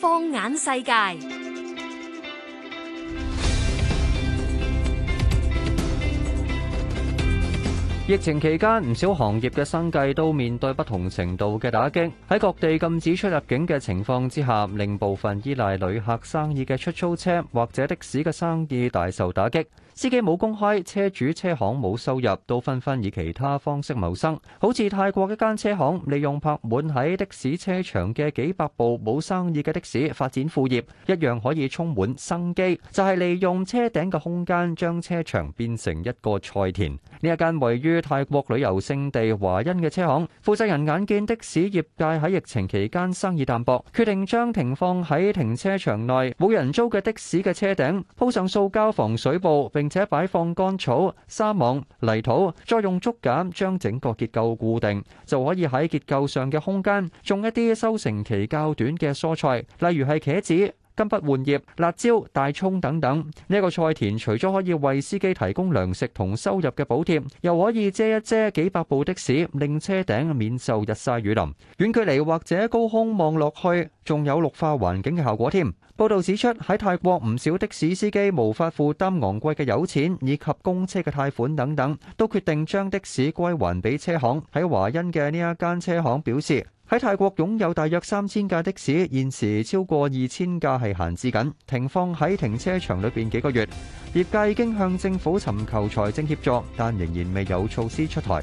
放眼世界。疫情期間，唔少行業嘅生計都面對不同程度嘅打擊。喺各地禁止出入境嘅情況之下，令部分依賴旅客生意嘅出租車或者的士嘅生意大受打擊。司機冇工開，車主車行冇收入，都紛紛以其他方式謀生。好似泰國一間車行，利用泊滿喺的士車場嘅幾百部冇生意嘅的士，發展副業，一樣可以充滿生機。就係利用車頂嘅空間，將車場變成一個菜田。呢一間位於泰國旅遊勝地華欣嘅車行，負責人眼見的士業界喺疫情期間生意淡薄，決定將停放喺停車場內冇人租嘅的，的士嘅車頂鋪上塑膠防水布，並且擺放乾草、沙網、泥土，再用竹簡將整個結構固定，就可以喺結構上嘅空間種一啲收成期較短嘅蔬菜，例如係茄子。金不換葉、辣椒、大蔥等等，呢一個菜田除咗可以為司機提供糧食同收入嘅補貼，又可以遮一遮幾百部的士，令車頂免受日曬雨淋。遠距離或者高空望落去，仲有綠化環境嘅效果添。報道指出，喺泰國唔少的士司機無法負擔昂貴嘅油錢以及公車嘅貸款等等，都決定將的士歸還俾車行。喺華欣嘅呢一間車行表示。喺泰國擁有大約三千架的士，現時超過二千架係閒置緊，停放喺停車場裏邊幾個月。業界已經向政府尋求財政協助，但仍然未有措施出台。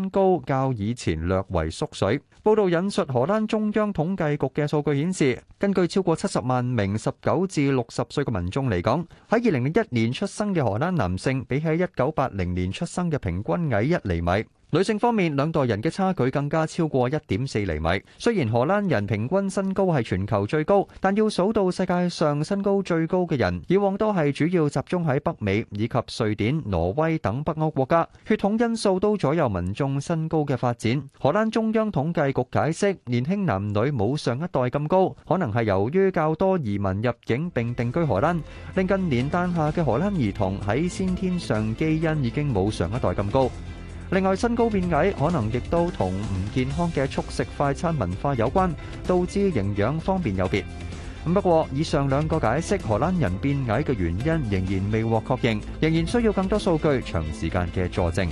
身高較以前略為縮水。報道引述荷蘭中央統計局嘅數據顯示，根據超過七十萬名十九至六十歲嘅民眾嚟講，喺二零零一年出生嘅荷蘭男性比起一九八零年出生嘅平均矮一厘米。女性方面，兩代人嘅差距更加超過一點四厘米。雖然荷蘭人平均身高係全球最高，但要數到世界上身高最高嘅人，以往都係主要集中喺北美以及瑞典、挪威等北歐國家。血統因素都左右民眾身高嘅發展。荷蘭中央統計局解釋，年輕男女冇上一代咁高，可能係由於較多移民入境并定居荷蘭，令近年誕下嘅荷蘭兒童喺先天上基因已經冇上一代咁高。1 4另外，身高變矮可能亦都同唔健康嘅速食快餐文化有關，導致營養方面有別。不過，以上兩個解釋荷蘭人變矮嘅原因仍然未獲確認，仍然需要更多數據長時間嘅佐證。